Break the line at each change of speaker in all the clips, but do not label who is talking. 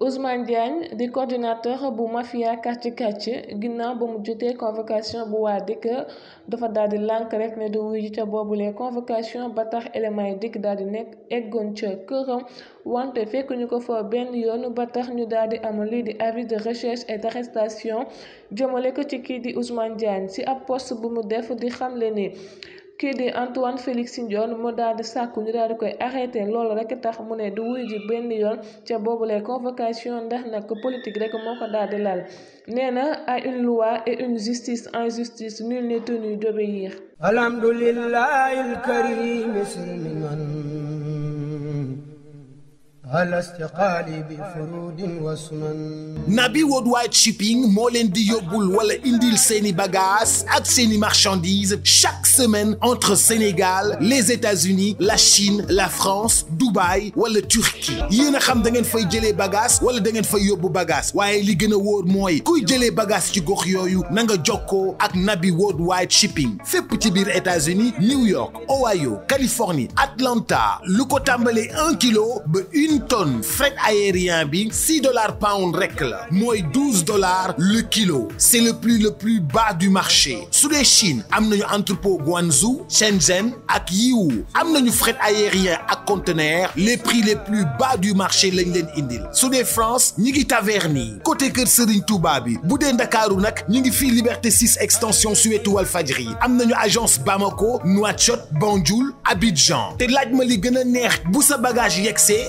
Ousmane Diagne di coordinateur bu mafia kàcci kàcci ginnaaw ba mu jotee convocation bu waa DIC dafa daal di lànk rek ne du wuyu ca boobule convocation ba tax éléments yi DIC daal di nekk eggoon ca këram wante fekk ñu ko fa benn yoonu ba tax ñu daal di am lii di avis de recherche et d'arrestation jëmale ko ci kii di Ousmane Diagne si ab poste bu mu def di xamle ni. kii di Antoine Félix Ndione mu daal di sàkku ñu daal di koy arrêté loolu rek tax mu ne du wuy ji benn yoon ca boobule convocation ndax nag politique rekk moo ko daal di laal nee na à une loi justice en justice nul n'est tenu d'obéir alhamdulillahi alkarim
Nabi Worldwide Shipping moo leen di yóbbul wala indil seeni bagages ak seeni marchandises chaque semaine entre Sénégal les États-Unis la Chine la France Dubaï wala Turquie yéen a xam da ngeen fay jëlee bagages wala da ngeen fay yóbbu bagaas waaye li gën a wóor mooy kuy jëlee bagaas ci gox yooyu na nga jokkoo ak Nabi Worldwide Shipping fépp ci biir États-Unis New York Ohio Californie Atlanta lu ko kilo ba huit tonnes fret aérien bi six dollars pound rek la mooy douze dollars le kilo c'est le prix le plus bas du marché su dee Chine am nañu entrepôt Guangzhou Shenzhen ak Yiwu am nañu fret aérien ak conteneur les prix les plus bas du marché lañ leen indil su dee France ñi ngi Taverny côté Kër Serigne Touba bi bu dee Ndakaaru nag ñi ngi fii Liberté 6 extension suwetu Walfadjri am nañu agence Bamako Nouakchott Banjul Abidjan te laaj ma li gën a neex bu sa bagage yegsee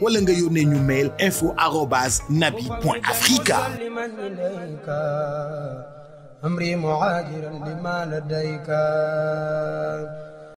wala nga yónnee ñu mail info arobase nabi point africa
amri muhajiran lima ladayka